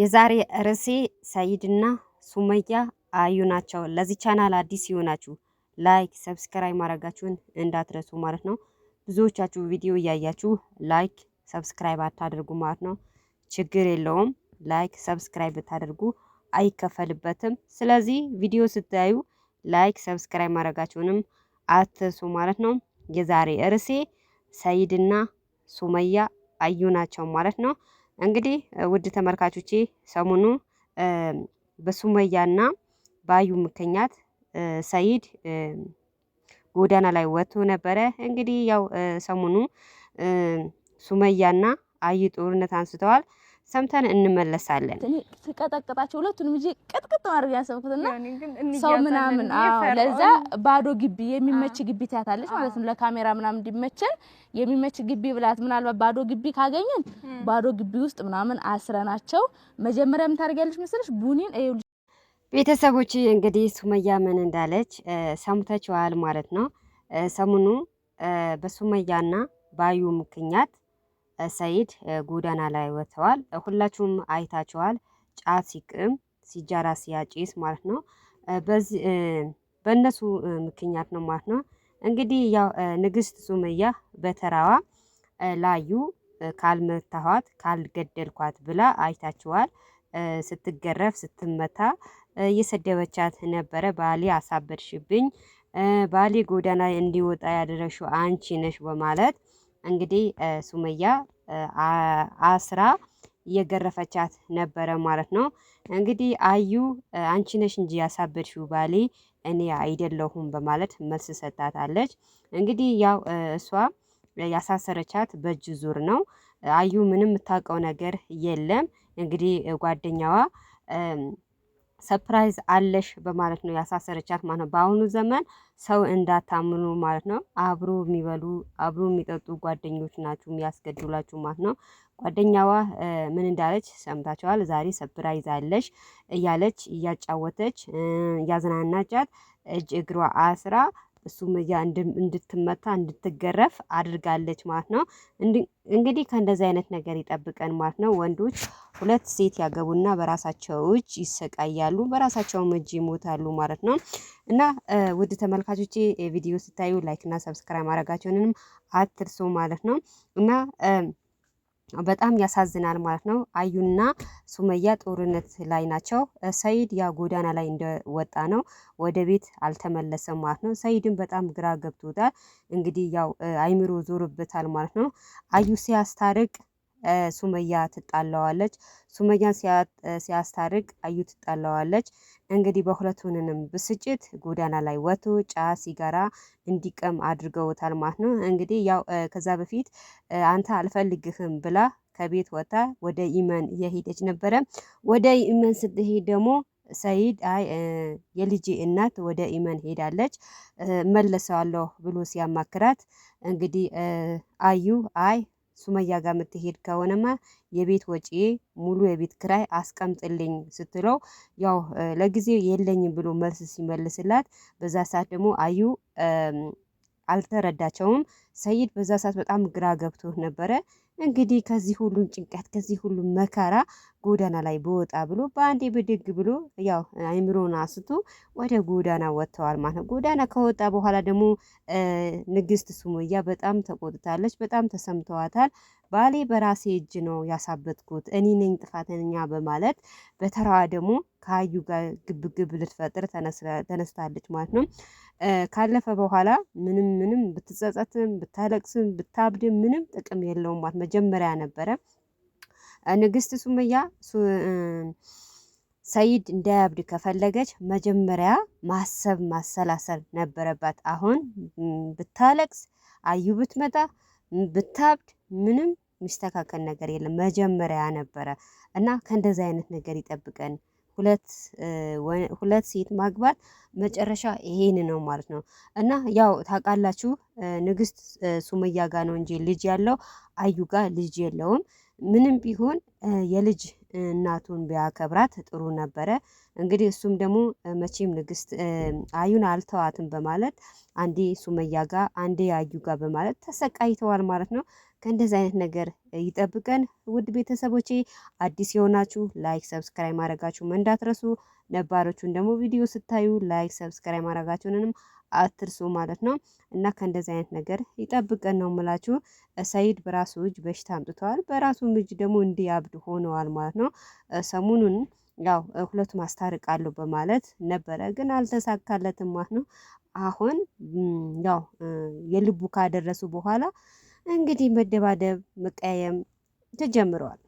የዛሬ ርዕሴ ሰይድና ሱመያ አዩ ናቸው። ለዚህ ቻናል አዲስ ይሆናችሁ ላይክ፣ ሰብስክራይብ ማድረጋችሁን እንዳትረሱ ማለት ነው። ብዙዎቻችሁ ቪዲዮ እያያችሁ ላይክ፣ ሰብስክራይብ አታደርጉ ማለት ነው። ችግር የለውም ላይክ፣ ሰብስክራይብ ብታደርጉ አይከፈልበትም። ስለዚህ ቪዲዮ ስታዩ ላይክ፣ ሰብስክራይብ ማድረጋችሁንም አትርሱ ማለት ነው። የዛሬ ርዕሴ ሰይድና ሱመያ አዩ ናቸው ማለት ነው። እንግዲህ ውድ ተመልካቾቼ ሰሞኑ በሱመያና በአዩ ምክንያት ሰይድ ጎዳና ላይ ወጥቶ ነበረ። እንግዲህ ያው ሰሞኑ ሱመያና አዩ ጦርነት አንስተዋል። ሰምተን እንመለሳለን። ስቀጠቅጣቸው ሁለቱንም እ ቅጥቅጥ ማድረግ ያሰብኩትና ሰው ምናምን ለዛ ባዶ ግቢ የሚመች ግቢ ትያታለች ማለት ነው። ለካሜራ ምናምን እንዲመችን የሚመች ግቢ ብላት ምናልባት ባዶ ግቢ ካገኘን ባዶ ግቢ ውስጥ ምናምን አስረናቸው መጀመሪያ የምታደርጊያለች መስለሽ ቡኒን እዩ ቤተሰቦች እንግዲህ ሱመያ ምን እንዳለች ሰምታችኋል ማለት ነው። ሰሙኑ በሱመያና ባዩ ምክንያት ሰይድ ጎዳና ላይ ወጥተዋል። ሁላችሁም አይታችኋል። ጫት ሲቅም ሲጃራ ሲያጭስ ማለት ነው። በእነሱ ምክንያት ነው ማለት ነው። እንግዲህ ያው ንግስት ሱመያ በተራዋ ላዩ ካልመታኋት ካልገደልኳት ብላ አይታችኋል። ስትገረፍ ስትመታ እየሰደበቻት ነበረ። ባሌ አሳበድሽብኝ፣ ባሌ ጎዳና እንዲወጣ ያደረግሽው አንቺ ነሽ በማለት እንግዲህ ሱመያ አስራ እየገረፈቻት ነበረ ማለት ነው። እንግዲህ አዩ አንቺ ነሽ እንጂ ያሳበድሽው ባሌ እኔ አይደለሁም በማለት መልስ ሰጣታለች። እንግዲህ ያው እሷ ያሳሰረቻት በእጅ ዙር ነው። አዩ ምንም የምታውቀው ነገር የለም። እንግዲህ ጓደኛዋ ሰፕራይዝ አለሽ በማለት ነው ያሳሰረቻት ማለት ነው። በአሁኑ ዘመን ሰው እንዳታምኑ ማለት ነው። አብሮ የሚበሉ አብሮ የሚጠጡ ጓደኞች ናችሁ የሚያስገድላችሁ ማለት ነው። ጓደኛዋ ምን እንዳለች ሰምታችኋል። ዛሬ ሰፕራይዝ አለሽ እያለች እያጫወተች እያዝናናቻት እጅ እግሯ አስራ ሱመያ እንድትመታ እንድትገረፍ አድርጋለች ማለት ነው። እንግዲህ ከእንደዚህ አይነት ነገር ይጠብቀን ማለት ነው። ወንዶች ሁለት ሴት ያገቡና በራሳቸው እጅ ይሰቃያሉ፣ በራሳቸውም እጅ ይሞታሉ ማለት ነው። እና ውድ ተመልካቾቼ ቪዲዮ ስታዩ ላይክ እና ሰብስክራይብ ማድረጋቸውንም አትርሱ ማለት ነው እና በጣም ያሳዝናል ማለት ነው። አዩና ሱመያ ጦርነት ላይ ናቸው። ሰይድ ያ ጎዳና ላይ እንደወጣ ነው፣ ወደ ቤት አልተመለሰም ማለት ነው። ሰይድን በጣም ግራ ገብቶታል። እንግዲህ ያው አይምሮ ዞርበታል ማለት ነው። አዩ ሲያስታርቅ ሱመያ ትጣለዋለች። ሱመያን ሲያስታርቅ አዩ ትጣለዋለች። እንግዲህ በሁለቱንንም ብስጭት ጎዳና ላይ ወጥቶ ጫ ሲጋራ እንዲቀም አድርገውታል ማለት ነው። እንግዲህ ያው ከዛ በፊት አንተ አልፈልግህም ብላ ከቤት ወጣ ወደ ኢመን እየሄደች ነበረ። ወደ ኢመን ስትሄድ ደግሞ ሰይድ አይ የልጅ እናት ወደ ኢመን ሄዳለች መለሰዋለሁ ብሎ ሲያማክራት እንግዲህ አዩ አይ ሱመያ ጋር የምትሄድ ከሆነማ የቤት ወጪ ሙሉ የቤት ክራይ አስቀምጥልኝ ስትለው ያው ለጊዜው የለኝም ብሎ መልስ ሲመልስላት፣ በዛ ሰዓት ደግሞ አዩ አልተረዳቸውም። ሰይድ በዛ ሰዓት በጣም ግራ ገብቶ ነበረ። እንግዲህ ከዚህ ሁሉ ጭንቀት፣ ከዚህ ሁሉ መከራ ጎዳና ላይ በወጣ ብሎ በአንዴ ብድግ ብሎ ያው አይምሮን አስቶ ወደ ጎዳና ወጥተዋል ማለት ነው። ጎዳና ከወጣ በኋላ ደግሞ ንግስት ሱሙያ በጣም ተቆጥታለች፣ በጣም ተሰምተዋታል። ባሌ በራሴ እጅ ነው ያሳበጥኩት እኔ ነኝ ጥፋተኛ በማለት በተራዋ ደግሞ ከአዩ ጋር ግብግብ ልትፈጥር ተነስታለች ማለት ነው። ካለፈ በኋላ ምንም ምንም ብትጸጸትም ብታለቅስም ብታብድም ምንም ጥቅም የለውም ማለት መጀመሪያ ነበረ። ንግስት ሱመያ ሰይድ እንዳያብድ ከፈለገች መጀመሪያ ማሰብ ማሰላሰል ነበረባት። አሁን ብታለቅስ አዩ ብትመጣ ብታብድ ምንም የሚስተካከል ነገር የለም። መጀመሪያ ነበረ እና ከእንደዚህ አይነት ነገር ይጠብቀን። ሁለት ሴት ማግባት መጨረሻ ይሄን ነው ማለት ነው። እና ያው ታውቃላችሁ ንግስት ሱመያ ጋ ነው እንጂ ልጅ ያለው አዩ ጋ ልጅ የለውም። ምንም ቢሆን የልጅ እናቱን ቢያከብራት ጥሩ ነበረ። እንግዲህ እሱም ደግሞ መቼም ንግስት አዩን አልተዋትም በማለት አንዴ ሱመያ ጋ አንዴ አዩ ጋ በማለት ተሰቃይተዋል ማለት ነው። ከእንደዚህ አይነት ነገር ይጠብቀን። ውድ ቤተሰቦቼ አዲስ የሆናችሁ ላይክ ሰብስክራይብ ማድረጋችሁም እንዳትረሱ፣ ነባሮቹን ደግሞ ቪዲዮ ስታዩ ላይክ ሰብስክራይብ ማድረጋችሁንንም አትርሱ ማለት ነው። እና ከእንደዚህ አይነት ነገር ይጠብቀን ነው የምላችሁ። ሰይድ በራሱ እጅ በሽታ አምጥተዋል፣ በራሱም እጅ ደግሞ እንዲያብድ ሆነዋል ማለት ነው። ሰሞኑን ያው ሁለቱም አስታርቃለሁ በማለት ነበረ፣ ግን አልተሳካለትም ማለት ነው። አሁን ያው የልቡ ካደረሱ በኋላ እንግዲህ መደባደብ መቀያየም ተጀምረዋል።